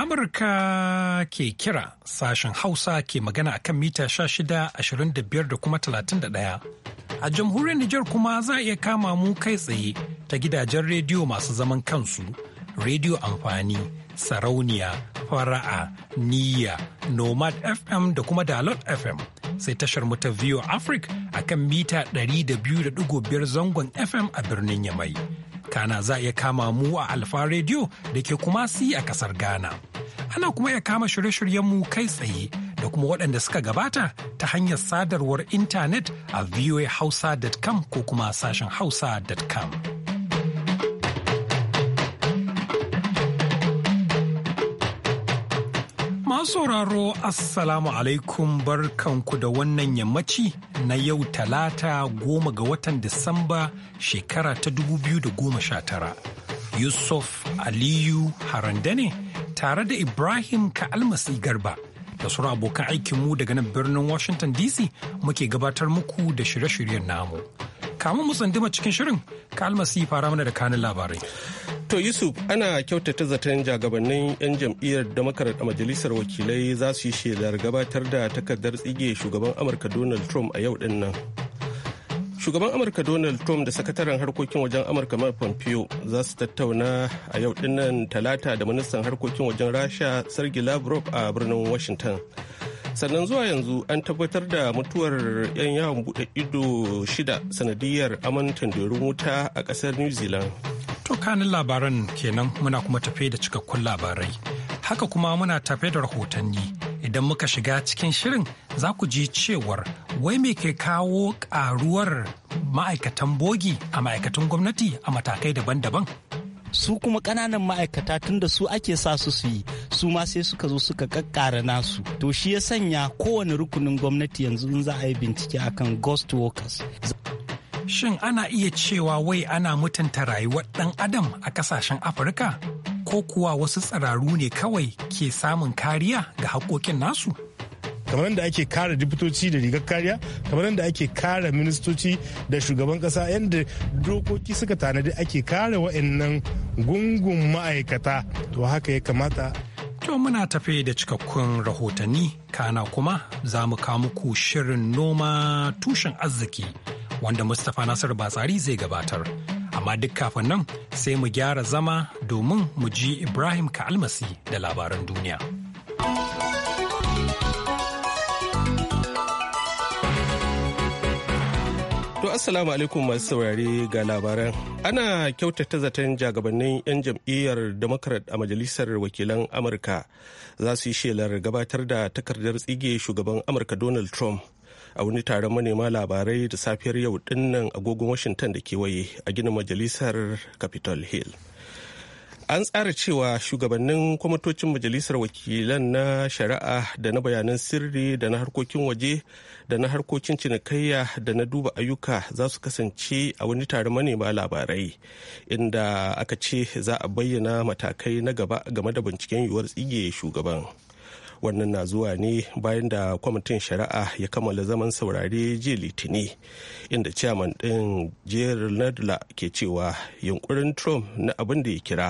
Amurka ke kira sashen Hausa ke magana akan mita shida, ashirin da kuma 31. A jamhuriyar Nijar kuma za a iya kama mu kai tsaye ta gidajen rediyo masu zaman kansu, rediyo amfani, sarauniya, fara'a, niyya, nomad FM da kuma dalot FM. Sai tashar mu ta View Africa akan mita ɗari 200.5 zangon FM a birnin Yamai. Kana za a iya kama mu a Alfa Radio da ke Kumasi a kasar Ghana. Ana kuma iya kama shirye-shiryenmu kai tsaye da kuma waɗanda suka gabata ta hanyar sadarwar intanet a voahausa.com ko kuma sashen hausa.com. Masu sauraro Assalamu alaikum barkanku da wannan yammaci na yau talata goma ga watan Disamba shekara ta 2019. Yusuf Aliyu ne tare da Ibrahim Ka'almasi Garba da sauran abokan aikinmu daga nan birnin Washington DC muke gabatar muku da shirye-shiryen namu. Kamun mu tsandima cikin shirin, Ka'almasi fara mana da kanin labarai. To Yusuf ana kyautata zaton jagabannin 'yan jam'iyyar Democrat a majalisar wakilai za su yi shelar gabatar da takardar tsige shugaban Amurka Donald Trump a yau din nan. Shugaban Amurka Donald Trump da sakataren harkokin wajen Amurka Mike Pompeo za su tattauna a yau din nan talata da ministan harkokin wajen Rasha Sergei Lavrov a birnin Washington. sannan zuwa yanzu an tabbatar da mutuwar 'yan yawon buɗe ido shida sanadiyar amintan wuta a ƙasar new zealand To kanin labaran kenan muna kuma tafe da cikakkun labarai. Haka kuma muna tafe da rahotanni idan muka shiga cikin shirin za ku ji cewar wai me ke kawo karuwar ma'aikatan bogi a ma'aikatan gwamnati a matakai daban-daban. su kuma ƙananan ma'aikata tun da su ake sa su su yi su ma sai suka zo suka kakkara nasu to shi ya sanya kowane rukunin gwamnati yanzu in za a yi bincike akan ghost workers Shin ana iya cewa wai ana mutunta rayuwar ɗan adam a ƙasashen Afirka? Ko kuwa wasu tsararu ne kawai ke samun kariya ga haƙoƙin nasu? kamar da ake kare diputoci da rigar kariya kamar da ake kare ministoci da shugaban ƙasa, yadda dokoki suka tanadi ake kare wa'annan gungun ma'aikata to haka ya kamata To muna tafe da cikakkun rahotanni kana kuma za mu kawo muku shirin noma tushen arziki wanda Mustapha Nasir Batsari zai gabatar. Amma duk kafin nan sai mu gyara zama domin mu ji Ibrahim Kalmasi da labaran duniya. To assalamu alaikum masu saurari ga labaran. Ana kyautata zaton jagabannin 'yan jam'iyyar Democrat a Majalisar Wakilan Amurka za su yi shelar gabatar da takardar tsige shugaban Amurka Donald Trump a wani taron manema labarai da safiyar yau dinnan agogon washington da kewaye a ginin majalisar capitol hill an tsara cewa shugabannin kwamitocin majalisar wakilan na shari'a da na bayanan sirri da na harkokin waje da na harkokin cinikayya da na duba ayyuka za su kasance a wani taron manema labarai inda aka ce za a bayyana matakai na gaba game da binciken yiwuwar tsige shugaban. wannan na zuwa ne bayan da kwamitin shari'a ya kammala zaman saurare jiya litini inda ciyaman ɗin jerry nadler ke cewa yunkurin trump na abin da ya kira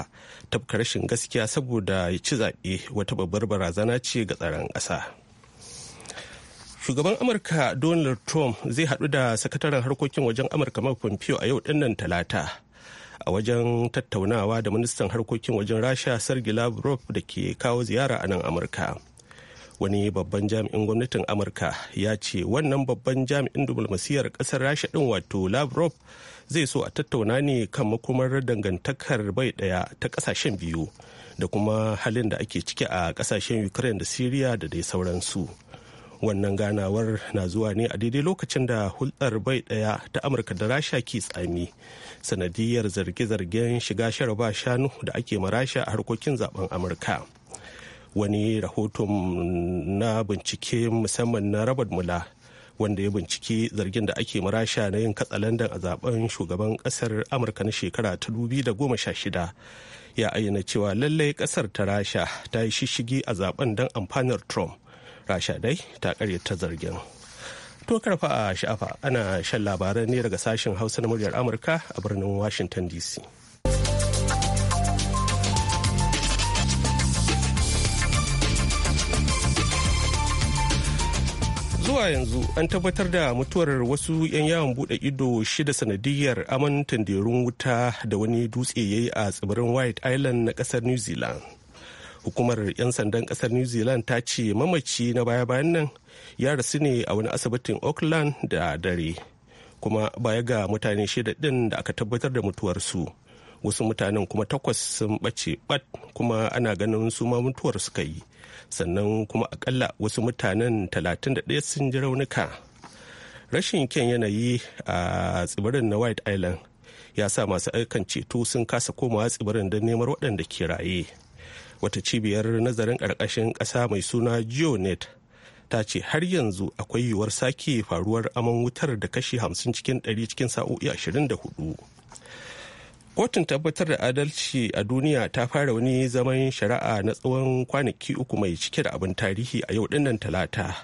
tafka rashin gaskiya saboda ya ci zaɓe wata babbar barazana ce ga tsaron ƙasa shugaban amurka donald trump zai haɗu da sakataren harkokin wajen amurka mike pompeo a yau nan talata a wajen tattaunawa da ministan harkokin wajen rasha sergei lavrov da ke kawo ziyara a nan amurka wani babban jami'in gwamnatin amurka ya ce wannan babban jami'in diplomasiyar kasar rasha din wato lavrov zai so a tattauna ne kan makomar dangantakar bai daya ta kasashen biyu da kuma halin da ake ciki a kasashen ukraine da syria da dai sauransu wannan ganawar na zuwa ne a daidai lokacin da hulɗar bai daya ta amurka da rasha ke tsami sanadiyar zarge-zargen shiga shara shanu da ake marasha a harkokin zaben amurka wani rahoton na bincike musamman na robert mula wanda ya bincike zargin da ake marasha na yin katsalandan a zaben shugaban kasar amurka na shekara ta goma sha shida ya ayyana cewa lallai kasar ta rasha ta yi shishigi a zaben don amfanar trump rasha dai ta ta zargin to karfa a sha'afa ana shan labaran ne daga sashen hausa na muryar amurka a birnin washington dc zuwa yanzu an tabbatar da mutuwar wasu 'yan yawon bude ido shida sanadiyar aman tanderun wuta da wani dutse ya yi a tsibirin white island na kasar new zealand hukumar 'yan sandan kasar new zealand ta ce mamaci na baya-bayan nan ya rasu ne a wani asibitin auckland da dare kuma baya ga mutane shida din da aka tabbatar da mutuwarsu wasu mutanen kuma takwas sun bace bat kuma ana ganin su ma mutuwar suka yi sannan kuma akalla wasu mutanen 31 sun ji raunuka rashin kyan yanayi a tsibirin na white island ya sa masu aikan ceto sun kasa komawa tsibirin don neman waɗanda ke raye wata cibiyar nazarin ƙarƙashin ƙasa mai suna geonet ta ce har yanzu akwai yiwuwar sake faruwar aman wutar da kashi 50 cikin 100 cikin sa'o'i 24 kotun tabbatar da adalci a duniya ta fara wani zaman shari'a na tsawon kwanaki uku mai cike da abin tarihi a yau dinnan talata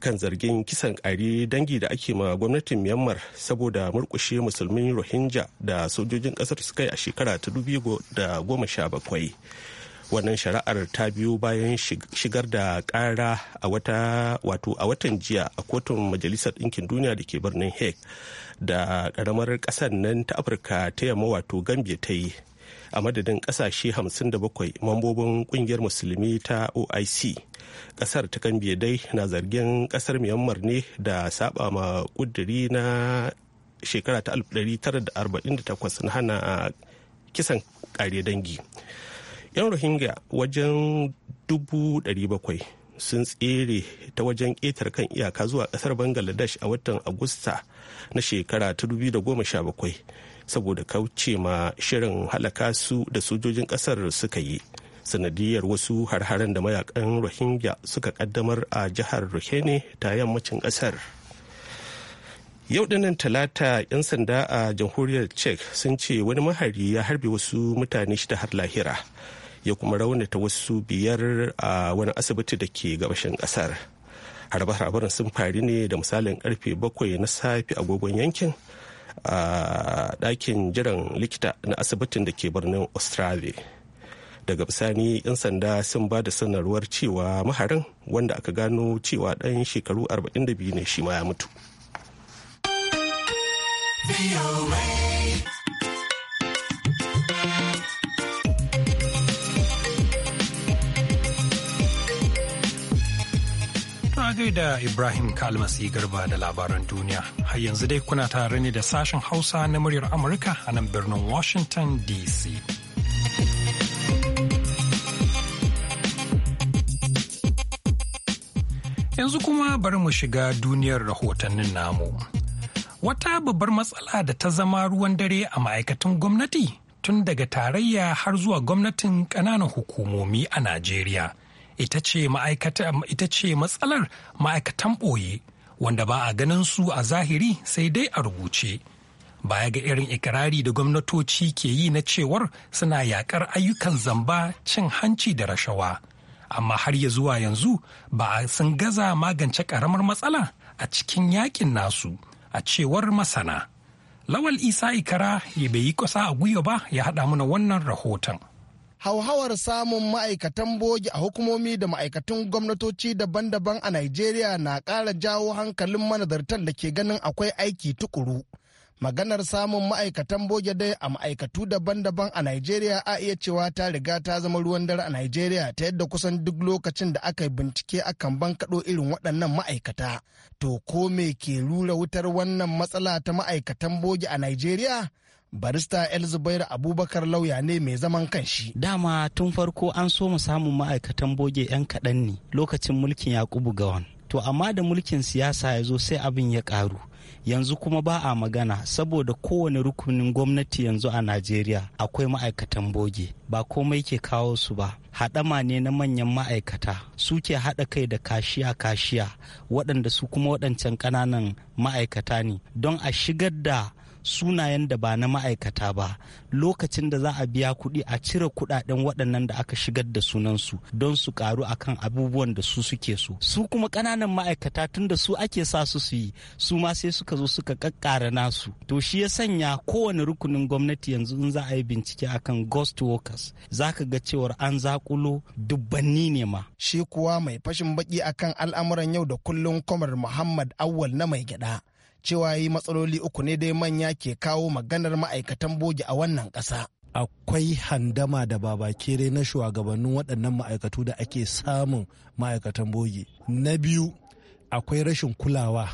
kan zargin kisan ƙari dangi da ake ma gwamnatin myanmar saboda murkushe musulmin rohingya da sojojin kasar suka yi a shekara ta bakwai. wannan shari'ar ta biyo bayan shigar da kara a a watan jiya a kotun majalisar ɗinkin duniya da ke birnin hague da ƙaramar ƙasar nan ta afirka ta yamma wato gambia ta yi a madadin ƙasashe 57 mambobin ƙungiyar musulmi ta oic ƙasar ta gambia dai na zargin ƙasar myanmar ne da saba ma kuduri na shekara ta 1948 na hana kisan kare dangi yan rohingya wajen dubu sun tsere ta wajen ƙetar kan iyaka zuwa ƙasar bangladesh a watan agusta na shekara ta bakwai saboda kauce ma shirin halaka su da sojojin ƙasar suka yi sanadiyar wasu harharen da mayakan rohingya suka kaddamar a jihar rohene ta yammacin ƙasar yau dinnan talata 'yan sanda a jamhuriyar czech sun ce wani mahari ya harbe wasu mutane shida har lahira ya kuma raunata wasu biyar a wani asibiti da ke gabashin kasar harbe-harben sun faru ne da misalin karfe bakwai na safe agogon yankin a ɗakin jiran likita na asibitin da ke birnin australia daga bisani 'yan sanda sun ba da sanarwar cewa maharin wanda aka gano cewa ɗan shekaru 42 ne shi ma ya mutu. da Ibrahim Kalmasi Garba da labaran duniya. Har yanzu dai kuna tare ne da sashen Hausa na muryar Amurka a nan birnin Washington DC. Yanzu kuma bari mu shiga duniyar rahotannin namu. Wata babbar matsala da ta zama ruwan dare a ma'aikatan gwamnati tun daga tarayya har zuwa gwamnatin ƙananan hukumomi a Najeriya. ita ce matsalar ma'aikatan ɓoye wanda ba a ganin su a zahiri sai dai a rubuce baya ga irin ikirari da gwamnatoci ke yi na cewar suna yakar ayyukan zamba cin hanci da rashawa amma har ya zuwa yanzu ba a sun gaza magance karamar matsala a cikin yakin nasu a cewar masana lawal isa ikara ya bai yi kusa a gwiwa ba ya haɗa mana wannan rahoton. hauhawar samun ma'aikatan bogi a hukumomi da ma'aikatan gwamnatoci daban-daban a Najeriya na ƙara jawo hankalin manazartan da ke ganin akwai aiki tukuru. Maganar samun ma'aikatan boge dai a ma'aikatu daban-daban a Najeriya a iya cewa ta riga ta zama ruwan dare a Najeriya ta yadda kusan duk lokacin da aka yi bincike akan bankaɗo irin waɗannan ma'aikata. To ko me ke rura wutar wannan matsala ta ma'aikatan boge a Najeriya? barista el abubakar lauya ne mai zaman kanshi dama tun farko an so mu samun ma'aikatan boge 'yan kaɗan ne lokacin mulkin yakubu gawan to amma da mulkin siyasa ya zo sai abin ya ƙaru yanzu kuma ba a magana saboda kowane rukunin gwamnati yanzu a najeriya akwai ma'aikatan boge ba komai ke kawo su ba haɗama ne na manyan ma'aikata su ke haɗa kai da kashiya kashiya waɗanda su kuma waɗancan ƙananan ma'aikata ne don a shigar da sunayen da ba na ma'aikata ba lokacin da za a biya kuɗi a cire kuɗaɗen waɗannan da aka shigar da sunansu don su ƙaru a kan abubuwan da su suke so su kuma ƙananan ma'aikata tun da su ake sa su su yi su ma sai suka zo suka ƙaƙƙara nasu to shi ya sanya kowane rukunin gwamnati yanzu in za a yi bincike a kan ghost workers za ka ga cewar an zaƙulo dubbanni ne ma shi kuwa mai fashin baƙi akan al'amuran yau da kullum kwamar muhammad awwal na mai gyaɗa cewa yi matsaloli uku ne dai manya ke kawo maganar ma'aikatan bogi a wannan ƙasa. akwai handama da dai na shugabannin waɗannan ma'aikatu da ake samun ma'aikatan bogi na biyu akwai rashin kulawa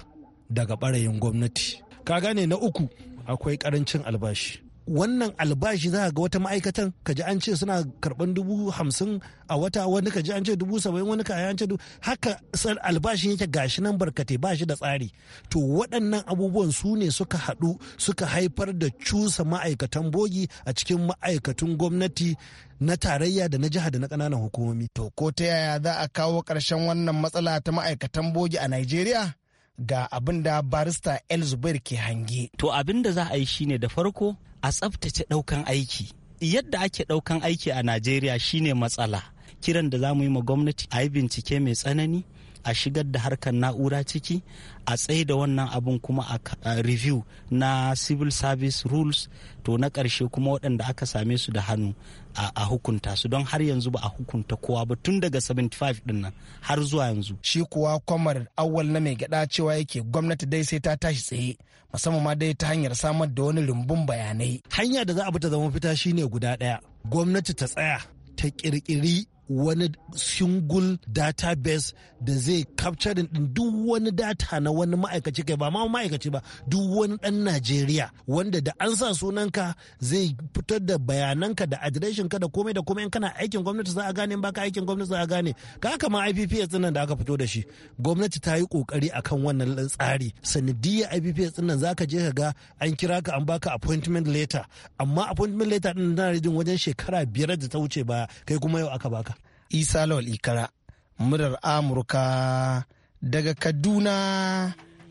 daga ɓarayin gwamnati ka gane na uku akwai ƙarancin albashi wannan albashi za ga wata ma'aikatan ka ji an ce suna karban dubu hamsin a wata wani ka ji an ce dubu saba'in wani ka an ce dubu haka albashin yake gashi nan barkate ba shi da tsari to waɗannan abubuwan su ne suka haɗu suka haifar da cusa ma'aikatan bogi a cikin ma'aikatun gwamnati na tarayya da na jiha da na ƙananan hukumomi. To ko ta yaya za a kawo ƙarshen wannan matsala ta ma'aikatan bogi a Najeriya? ga abin da barista elzubair ke hange to abin da za a yi shine da farko a tsaftace daukan aiki yadda ake daukan aiki a najeriya shine matsala kiran da za mu yi ma gwamnati a yi bincike mai tsanani a shigar da harkar na'ura ciki a tsaye da wannan abun kuma a review na civil service rules to na ƙarshe kuma waɗanda aka same su da hannu a hukunta su don har yanzu ba a hukunta kowa ba tun daga 75 ɗin nan har zuwa yanzu. Shi kuwa kwamar awwal na mai gada cewa yake gwamnati dai sai ta tashi tsaye musamman ma dai ta hanyar samar da wani rumbun bayanai. Hanya da za a bi ta zama fita shine guda ɗaya. Gwamnati ta tsaya ta ƙirƙiri wani single database da zai capturing din duk wani data na wani ma'aikaci kai ba ma ma'aikaci ba duk wani dan Najeriya wanda da an sa sunanka zai fitar da bayananka da adireshinka da komai da komai in kana aikin gwamnati za a gane in baka aikin gwamnati za a gane ka haka ma IPPS din da aka fito da shi gwamnati ta yi kokari akan wannan tsari sanadiyar IPPS din nan zaka je ka ga an kira ka an baka appointment letter amma appointment letter din tana rijin wajen shekara biyar da ta wuce ba kai kuma yau aka baka isa lawal ikara murar amurka daga kaduna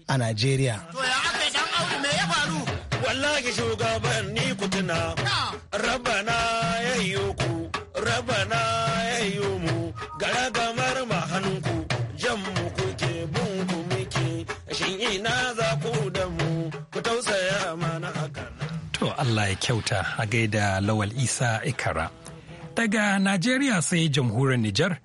a nigeria wallahi shugaban ni kutuna rabana ya yi ku rabana ya yi mu gara gamar ma hannunku jan mu kuke bin ku muke shin ina za ku da mu ku tausaya mana hakan to Allah ya kyauta a gaida lawal isa ikara Daga Najeriya sai jamhuriyar Nijar,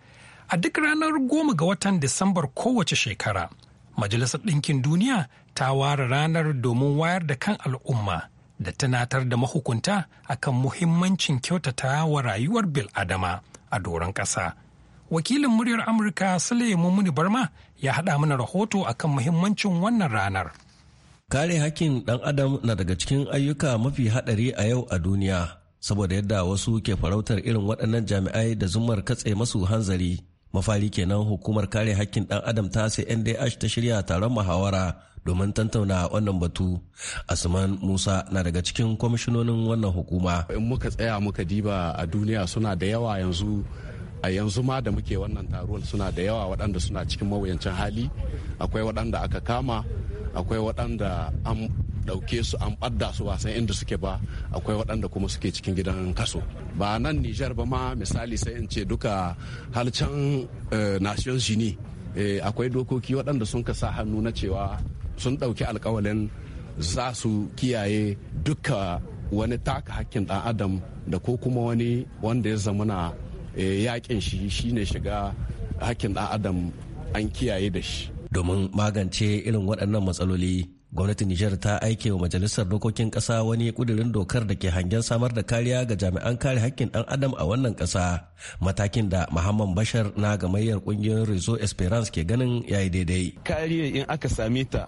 a duk ranar goma ga watan Disambar kowace shekara, Majalisar Ɗinkin Duniya ta ware ranar domin wayar da kan al'umma da tunatar da mahukunta akan muhimmancin kyautata wa rayuwar bil'adama a doron ƙasa. Wakilin muryar Amurka Suleiman Mumuni Barma ya haɗa mana rahoto akan muhimmancin wannan ranar. Kare hakkin ɗan adam na daga cikin ayyuka mafi haɗari a yau a duniya. saboda yadda wasu ke farautar irin waɗannan jami'ai da zumar katse masu hanzari mafari kenan hukumar kare hakkin ɗan adam ta sai ndh ta shirya taron muhawara domin tantauna wannan batu asuman musa na daga cikin kwamishinonin wannan hukuma in muka tsaya muka diba a duniya suna da yawa yanzu a yanzu ma da muke wannan taruwar suna da yawa waɗanda suna cikin mawuyancin hali akwai waɗanda aka kama akwai waɗanda an ɗauke su an ɓadda su wasan inda suke ba akwai waɗanda kuma suke cikin gidan kaso ba nan nijar ba ma misali sai in ce duka halcan eh, nations jini eh, akwai dokoki waɗanda sun ka sa hannu na cewa sun ɗauki alkawalin za su kiyaye duka wani taka hakkin ɗan adam da ko kuma wani wanda ya zamana eh, yaƙin shi shine shiga hakkin ɗan adam an kiyaye da shi domin magance irin waɗannan matsaloli gwamnatin nijar ta aike wa majalisar dokokin ƙasa wani ƙudurin dokar da ke hangen samar da kariya ga jami'an kare haƙƙin ɗan adam a wannan ƙasa matakin da muhammad bashar na gamayyar ƙungiyar rezo esperance ke ganin yayi daidai kariya in aka same ta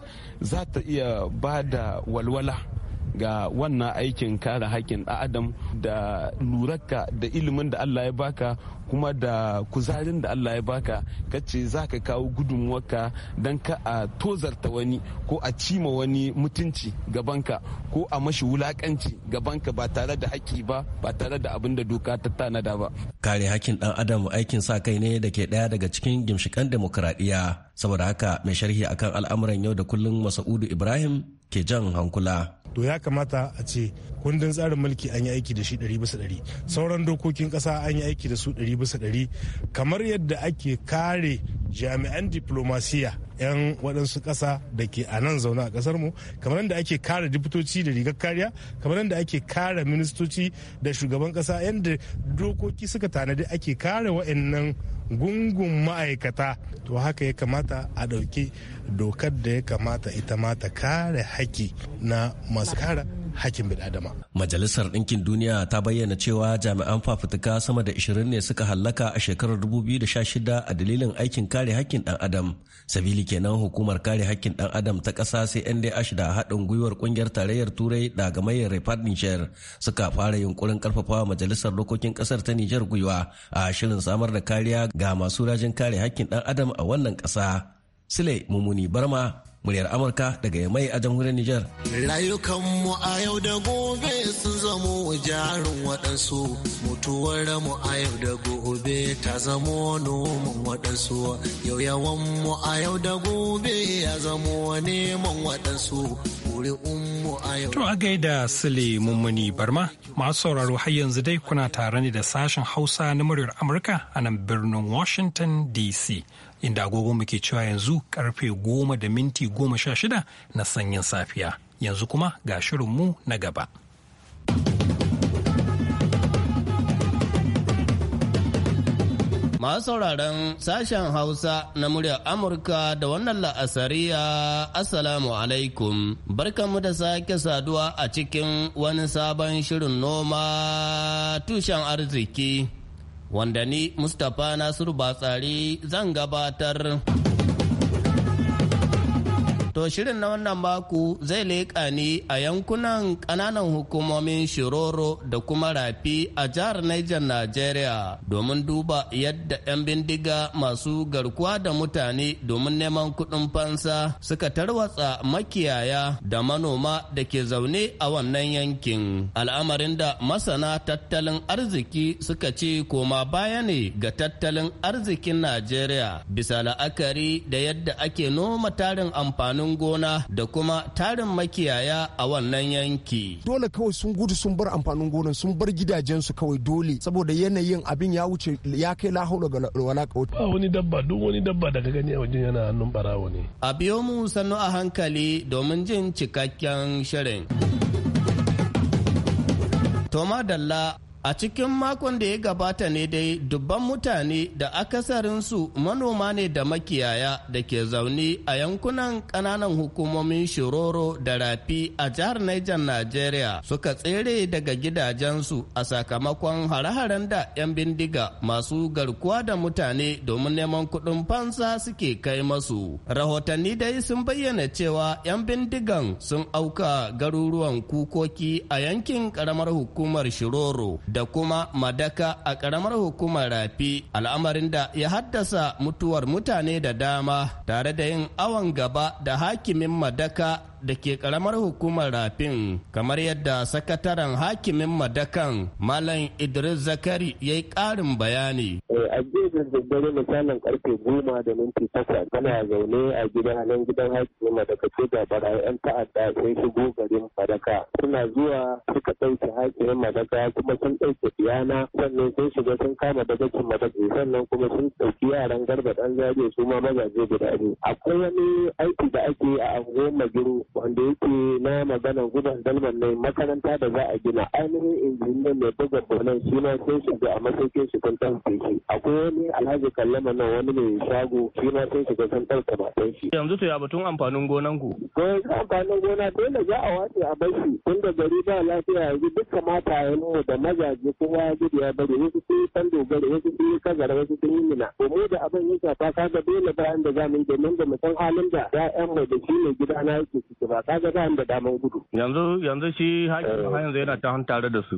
za ta iya ba da walwala ga wannan aikin kare haƙƙin ɗan adam da lurarka da ilimin da allah ya baka kuma da kuzarin da allah ya baka kace za ka kawo gudunmuwarka don ka a tozarta wani ko a cima wani mutunci gabanka ko a mashi wulakanci gabanka ba tare da haƙƙi ba ba tare da abin da doka ta tanada ba kare haƙƙin ɗan adam aikin sa kai ne da ke ɗaya daga cikin gimshikan demokuraɗiyya saboda haka mai sharhi akan al'amuran yau da kullum masa'udu ibrahim ke jan hankula to ya kamata a ce kundin tsarin mulki an yi aiki da shi ɗari bisa ɗari sauran dokokin ƙasa an yi aiki da su ɗari bisa ɗari kamar yadda ake kare jami'an diplomasiya 'yan waɗansu ƙasa da ke a nan zaune a ƙasar mu kamar yadda ake kare diputoci da rigar kariya kamar yadda ake kare ministoci da shugaban ƙasa yadda dokoki suka tanadi ake kare waɗannan gungun ma'aikata to haka ya kamata a ɗauki dokar da ya kamata ita ma ta kare haƙƙi na masu kara hakkin bil'adama. Majalisar Ɗinkin Duniya ta bayyana cewa jami'an fafutuka sama da 20 ne suka hallaka a shekarar 2016 a dalilin aikin kare hakkin ɗan adam. Sabili kenan hukumar kare hakkin ɗan adam ta ƙasa sai NDH da haɗin gwiwar ƙungiyar tarayyar Turai da gamayyar Refat Niger suka fara yunkurin ƙarfafa majalisar dokokin ƙasar ta Nijar gwiwa a shirin samar da kariya ga masu rajin kare hakkin ɗan adam a wannan ƙasa. Sule Mumuni Barma muryar amurka daga yamai a jamhuriyar niger rayukanmu a yau da gobe sun zamo jarin waɗansu mutuwar mu a yau da gobe ta zamo noman waɗansu yau yawan mu a yau da gobe ya zamo neman waɗansu To a gaida Sule Mummuni Barma, masu sauraro har yanzu dai kuna tare ne da sashen Hausa na muryar Amurka a nan birnin Washington DC, inda agogo muke cewa yanzu karfe goma da minti goma sha shida na sanyin safiya. Yanzu kuma ga shirinmu na gaba. Masu sauraron sashen Hausa na muryar Amurka da wannan la'asariya Assalamu alaikum. Barkanmu da sake saduwa a cikin wani sabon shirin noma tushen arziki. Wanda ni Mustapha Nasiru Batsari zan gabatar. To shirin na wannan mako zai leƙa ni a yankunan ƙananan hukumomin Shiroro da kuma Rafi a jihar Niger Najeriya domin duba yadda 'yan bindiga masu garkuwa da mutane domin neman kuɗin fansa suka tarwatsa makiyaya da manoma da ke zaune a wannan yankin. Al'amarin da masana tattalin arziki suka ce koma baya ne ga tattalin arzikin Najeriya bisa la'akari da yadda ake noma tarin amfanin amfanin gona da kuma tarin makiyaya a wannan yanki. Dole kawai sun gudu sun bar amfanin gonan sun bar gidajensu kawai dole saboda yanayin abin ya wuce ya kai lahaula ga wala Ba wani dabba duk wani dabba da ka gani a wajen yana hannun barawo ne. A biyo mu sannu a hankali domin jin cikakken shirin. Toma Dalla A cikin makon da ya gabata ne dai dubban mutane da akasarinsu manoma ne da makiyaya da ke zaune a yankunan kananan hukumomin Shiroro da Rafi a jihar Niger Najeriya suka tsere daga gidajensu a sakamakon hare-haren da 'yan bindiga masu garkuwa da mutane domin neman kuɗin fansa suke kai masu. Rahotanni dai sun bayyana cewa 'yan bindigan sun auka garuruwan kukoki a yankin ƙaramar hukumar Shiroro. da kuma Madaka a ƙaramar hukumar Rafi, al'amarin da ya haddasa mutuwar mutane da dama tare da yin awon gaba da hakimin Madaka da ke karamar hukumar rafin kamar yadda sakataren hakimin madakan malam idris zakari ya yi karin bayani eh, a gefen daddare misalin karfe goma da minti takwas tana zaune a gidan nan gidan hakimin madaka ce da barayi yan ta'adda sun shigo garin madaka suna zuwa suka ɗauke hakimin madaka kuma sun ɗauke iyana sannan sun shiga sun kama dagacin madaka sannan kuma sun ɗauki yaran garba ɗan Suma, su ma mazaje guda biyu akwai wani aiki da ake a anguwar magiru wanda yake na magana gudan dalman ne makaranta da za a gina ainihin injiniyan mai buga bonan suna sai shiga a masaukin shi kan ɗauke shi akwai wani alhaji kallama nan wani mai shago suna sai shiga sun ɗauke matan shi. yanzu to ya batun amfanin gonan ku. yanzu amfanin gona dole za a wace a bar shi tun da gari ba lafiya yanzu duk kamata ya mu da mazaje kowa ya gudu ya bari wasu sun yi san dogara wasu sun yi kazara wasu sun yi mina. mu da abin ya shafa kaga dole bayan da za mu yi domin da mu san halin da 'ya'yanmu da shi ne na yake cikin ba kaga ba da daman gudu yanzu yanzu shi hakimin eh. har yanzu yana ta tare da su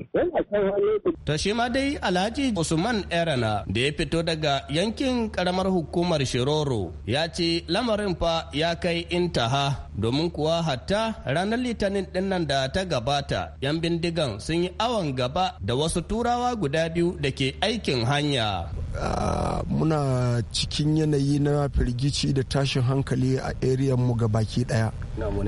to shi ma dai Alhaji Usman Erana da ya fito daga yankin karamar hukumar Shiroro ya ce lamarin fa ya kai intaha domin kuwa hatta ranar litinin nan da ta gabata yan bindigan sun yi awon gaba da wasu turawa guda biyu da ke aikin hanya ah, muna cikin yanayi na firgici da tashin hankali a mu ga daya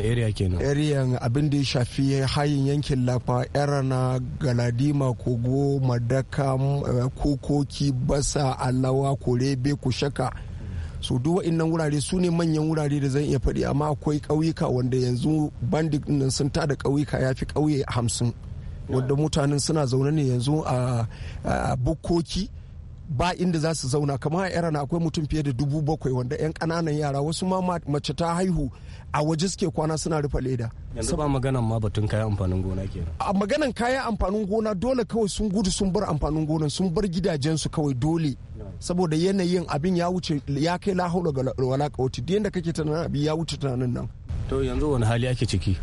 da area kenan area abin da ya shafi hayin yankin lafa erana galadima kogo madaka eh, kokoki basa alawa korebe kushaka so duwa wa'annan wurare su ne manyan wurare da zan iya faɗi amma akwai ƙauyuka wanda yanzu bandit nan sun tada ƙauyuka ya fi ƙauye hamsin wanda mutanen suna zaune ne yanzu a bukkoki ba inda za su zauna kamar a na akwai mutum fiye da dubu bakwai wanda 'yan ƙananan yara wasu ma mace ta haihu a waje suke kwana suna rufe leda yanzu ba maganan ma batun kayan amfanin gona ke a maganan kayan amfanin gona dole kawai sun gudu sun bar amfanin gonan sun bar gidajensu kawai dole saboda yanayin abin ya wuce ya kai lahaula ga wala kawati duk yanda kake tunanin abin ya wuce tunanin nan to yanzu wani hali ake ciki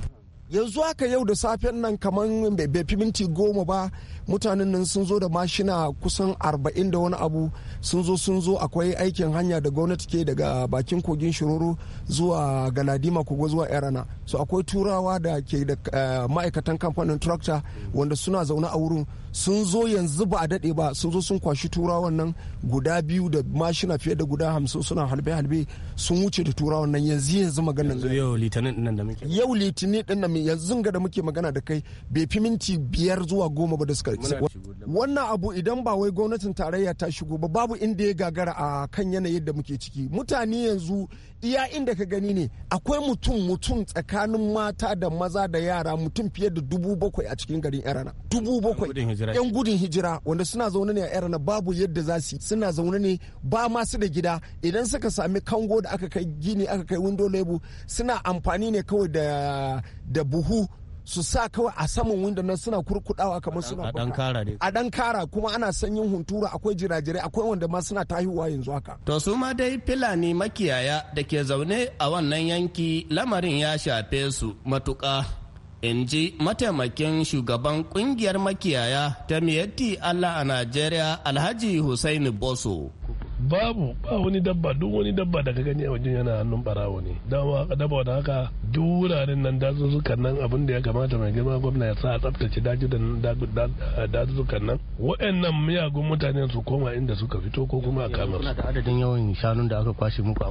yanzu haka yau da safen nan kamar bai fi minti goma ba mutanen nan sun zo da mashina kusan arba'in da wani abu sun zo sun zo akwai aikin hanya da gwamnati ke daga bakin kogin shiroro zuwa galadima kogo zuwa erana so akwai turawa da ke da eh, ma'aikatan kamfanin tractor wanda suna zaune a wurin sun zo yanzu ba a daɗe ba sun zo sun kwashi turawan nan guda biyu da mashina fiye da guda hamsin suna halbe-halbe sun wuce da turawan nan yanzu yanzu magana yau litinin ɗin da muke yau litinin ɗin da yanzu ga da muke magana da kai bai fi minti biyar zuwa goma ba da suka wannan abu idan ba wai gwamnatin tarayya ta shigo ba babu inda ya gagara a kan yanayin da muke ciki mutane yanzu iya inda ka gani ne akwai mutum mutum tsakanin mata da maza da yara mutum fiye da dubu bakwai a cikin garin yarana dubu bakwai yan gudun hijira wanda suna zaune ne a yarana babu yadda za su suna zaune ne ba masu da gida idan suka sami kango da aka kai gini aka kai window label suna amfani ne kawai da buhu su sa kawai a saman window nan suna kurkudawa kamar suna a dan kara ne a dan kara kuma ana sanyin huntura akwai jirajirai akwai wanda ma suna tahiwa yanzu haka to su ma dai filani makiyaya da ke zaune a wannan yanki lamarin ya shafe su matuka in ji mataimakin shugaban kungiyar makiyaya ta miyatti allah a najeriya alhaji hussaini boso babu ba wani dabba duk wani dabba da ka gani a wajen yana hannun barawo ne daba da haka duk nan dazuzzukan nan abin da ya kamata mai girma gwamna ya sa a tsaftace dazuzzukan nan waɗannan miyagun mutane su koma inda suka fito ko kuma a kamar. adadin yawan shanun da kwashe muku a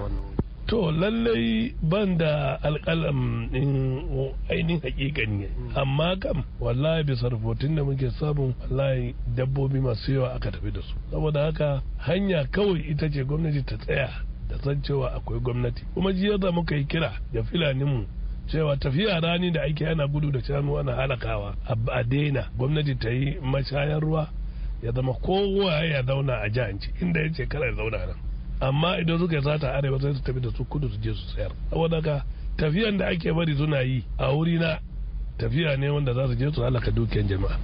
to lallai ban da alƙalam in ainihin hakikani amma kam wallahi bisa rubutun da muke samun wallahi dabbobi masu yawa aka tafi da su saboda haka hanya kawai ita ce gwamnati ta tsaya da san cewa akwai gwamnati kuma jiya da muka yi kira ga filaninmu cewa tafiya rani da ake yana gudu da shanu ana halakawa a daina gwamnati ta yi mashayar ruwa ya zama kowa ya zauna a jihanci inda ya ce kala ya zauna nan amma idan suka yi sata arewa sai su tafi da su kudu su je su sayar saboda ka tafiyan da ake bari suna yi a wuri na tafiya ne wanda za su je su halaka dukiyan jama'a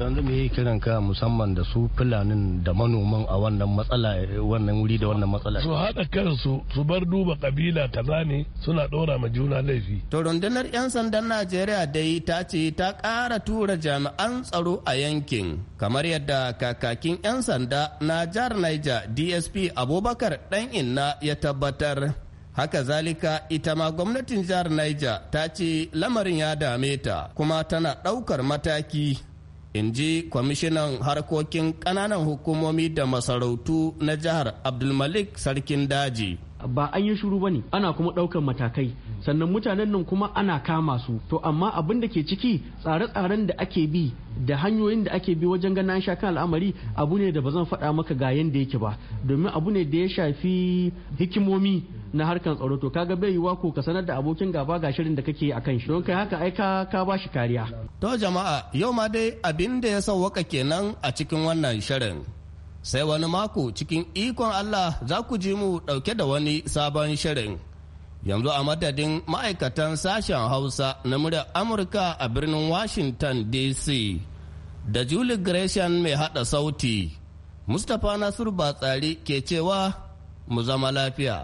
yanzu yi kiran ka musamman da su fulanin da manoman a wannan matsala eh, wannan wuri da wannan matsala su haɗa kansu su bar duba kabila kaza ne suna ɗora ma juna laifi to rundunar yan sandan najeriya dai ta ce ta ƙara tura jami'an tsaro a yankin kamar yadda kakakin yan sanda na jihar niger dsp abubakar ɗan inna ya tabbatar haka zalika ita ma gwamnatin jihar niger ta ce lamarin ya dame ta kuma tana ɗaukar mataki in ji kwamishinan harkokin kananan hukumomi da masarautu na jihar abdulmalik sarkin daji ba an yi shuru ba ne ana kuma ɗaukan matakai sannan mutanen nan kuma ana kama su to amma abin da ke ciki tsare-tsaren da ake bi da hanyoyin da ake bi wajen ganin sha kan al'amari abu ne da ba zan faɗa maka ga yanda yake ba domin abu ne da ya shafi hikimomi na harkar tsaro to kaga bai yiwa ko ka sanar da abokin gaba ga shirin da kake a kan shi don kai haka aika ka ba shi kariya to jama'a yau ma dai abin da ya sauwaka kenan a cikin wannan shirin sai wani mako cikin ikon Allah za ku ji mu dauke da wani sabon shirin yanzu a madadin ma'aikatan sashen hausa na muryar amurka a birnin washington dc da julie gresham mai hada sauti mustapha nasiru batsari ke cewa mu zama lafiya.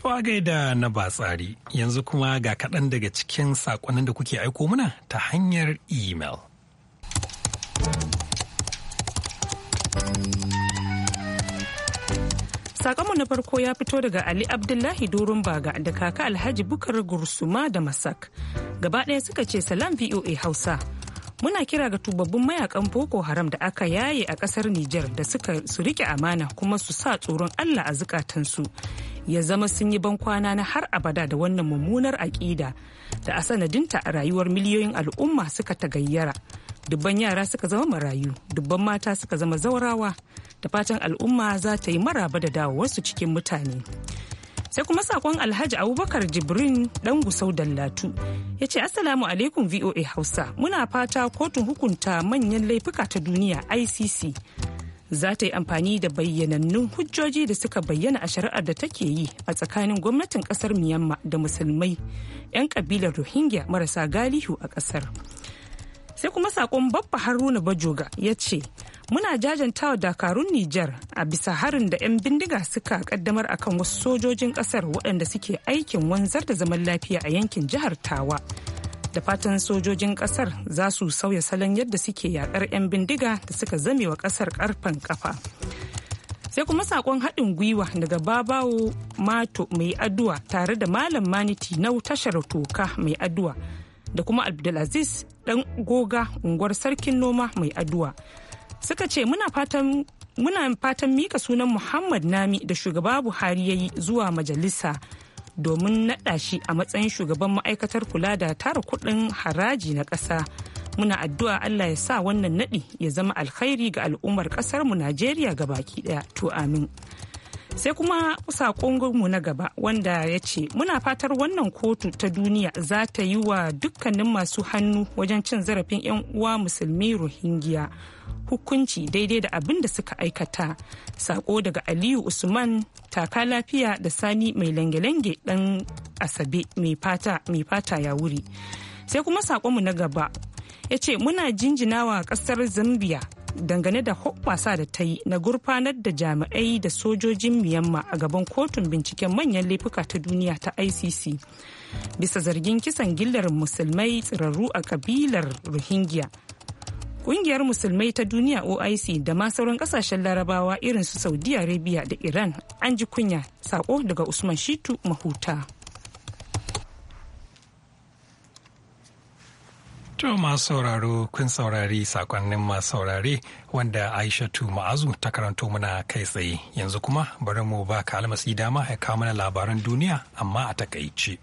To gaida na ba tsari yanzu kuma ga kaɗan daga cikin saƙonin da kuke aiko mana ta hanyar email. Sakonmu na farko ya fito daga Ali Abdullahi Dorun Baga da kaka Alhaji Bukar Gursuma da Masak. Gaba ɗaya suka ce salam VOA Hausa. muna kira ga tubabbin mayakan boko haram da aka yaye a kasar nijar da suka su rike amana kuma su sa tsoron allah a zukatansu ya zama sun yi bankwana na har abada da wannan mummunar aƙida da a sanadinta a rayuwar miliyoyin al'umma suka tagayyara dubban yara suka zama marayu dubban mata suka zama zaurawa da fatan al'umma za ta yi maraba da dawowarsu cikin mutane sai kuma sakon alhaji abubakar jibrin dan gusau dallatu ya ce assalamu alaikum voa hausa muna fata kotun hukunta manyan laifuka ta duniya icc za ta yi amfani da bayyanannun hujjoji da suka bayyana a shari'ar da take yi a tsakanin gwamnatin kasar myanmar da musulmai 'yan kabilar rohingya marasa galihu a kasar sai kuma sakon babba haruna bajoga ya ce muna jajantawa dakarun nijar a bisa harin da 'yan bindiga suka kaddamar akan wasu sojojin kasar waɗanda suke aikin wanzar da zaman lafiya a yankin jihar tawa da fatan sojojin kasar za su sauya salon yadda suke yakar 'yan bindiga da suka zame wa kasar karfan kafa sai kuma sakon haɗin gwiwa daga babawo mato mai aduwa tare da malam maniti na tashar toka mai aduwa da kuma abdulaziz dan goga unguwar sarkin noma mai addu'a suka ce muna fatan muna fatan mika sunan muhammad nami da shugaba buhari ya yi zuwa majalisa domin naɗa shi a matsayin shugaban ma'aikatar kula da tara kuɗin haraji na ƙasa muna addu'a allah ya sa wannan naɗi ya zama alkhairi ga al'ummar ƙasarmu najeriya ga baki ɗaya to amin sai kuma sakonmu na gaba wanda ya ce muna fatar wannan kotu ta duniya za ta yi wa dukkanin masu hannu wajen cin zarafin 'yan uwa musulmi rohingya hukunci daidai da abin da suka aikata sako daga aliyu usman taka lafiya da sani mai lange-lange dan asabe mai fata ya wuri sai kuma sakonmu na gaba ya ce muna jinjinawa kasar zambia dangane da hoɓɓasa da ta yi na gurfanar da jami'ai da sojojin miyamma a gaban kotun binciken manyan laifuka ta duniya ta icc bisa zargin kisan gillar musulmai tsirarru a kabilar rohingya Kungiyar Musulmai ta duniya OIC da ma sauran kasashen larabawa irin su Saudi Arabia da Iran an ji kunya sako daga Usman Shitu Mahuta. To masu sauraro kun saurari sakonnin masu saurare wanda Aishatu Ma'azu ta karanto mana kai tsaye yanzu kuma bari mu ba ka almasi dama ya kawo mana labaran duniya amma a takaice.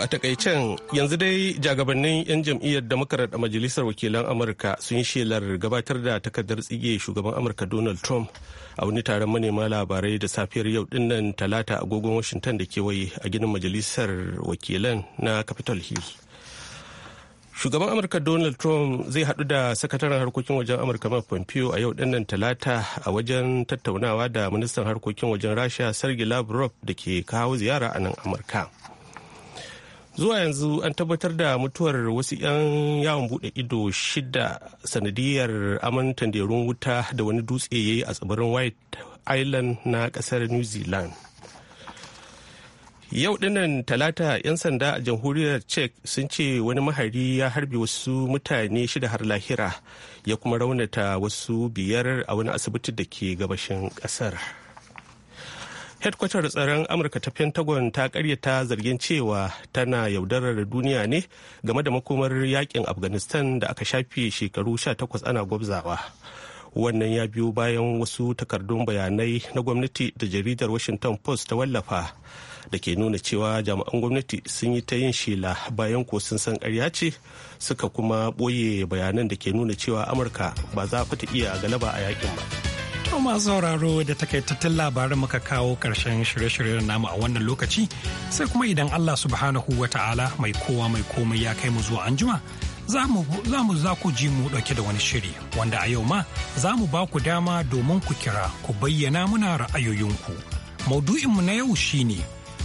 a takaicen yanzu dai jagabannin 'yan jam'iyyar Democrat a Majalisar Wakilan Amurka sun yi shelar gabatar da takardar tsige shugaban Amurka Donald Trump a wani taron manema labarai da safiyar yau dinnan talata agogon Washington da kewaye a ginin Majalisar Wakilan na Capitol Hill. Shugaban Amurka Donald Trump zai hadu da sakataren harkokin wajen Amurka Mike Pompeo a yau dinnan talata a wajen tattaunawa da ministan harkokin wajen Rasha Sergei Lavrov da ke kawo ziyara a nan Amurka. zuwa yanzu an tabbatar da mutuwar wasu 'yan yawon bude ido shida sanadiyar aman tanderun wuta da wani dutse ya yi a tsibirin white island na kasar new zealand yau dinnan talata 'yan sanda a jamhuriyar czech sun ce wani mahari ya harbi wasu mutane shida har lahira ya kuma raunata wasu biyar a wani asibiti da ke gabashin kasar. hedkwatar tsaron amurka ta pentagon ta karyata zargin cewa tana yaudarar duniya ne game da makomar yakin afghanistan da aka shafe shekaru 18 ana gwabzawa wannan ya biyo bayan wasu takardun bayanai na gwamnati da jaridar washington post ta wallafa da ke nuna cewa jami'an gwamnati sun yi ta yin shela bayan ko sun san karya ce suka kuma boye bayanan da ke nuna cewa amurka ba za ta iya galaba a yakin ba. masu sauraro da takaitattun labarin muka kawo ƙarshen shirye-shiryen namu a wannan lokaci sai kuma idan Allah subhanahu wa ta'ala mai kowa mai komai ya kai mu zuwa anjima za mu za ku ji mu ɗauke da wani shiri wanda a yau ma za mu ba ku dama domin ku kira ku bayyana muna ra'ayoyinku. Maudu'inmu na yau shine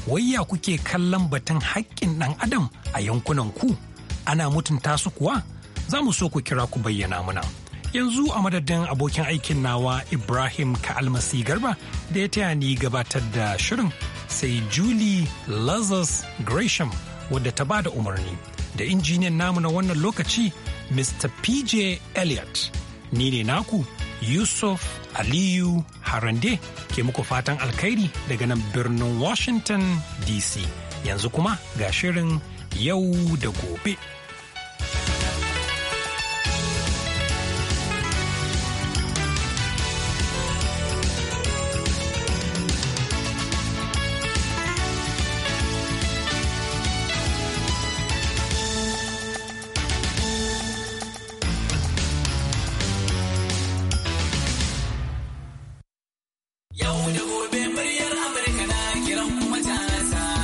wayya kuke kallon batun haƙƙin ɗan adam a yankunan ku ana mutunta su kuwa za mu so ku kira ku bayyana muna. yanzu a madadin abokin aikin nawa ibrahim ka'almasi garba da ya taya ni gabatar da shirin sai julie lazarus gresham wadda ta ba da umarni da injiniyan namu na wannan lokaci mr pj elliot ni ne naku yusuf aliyu harande ke muku fatan alkhairi daga nan birnin washington dc yanzu kuma ga shirin yau da gobe.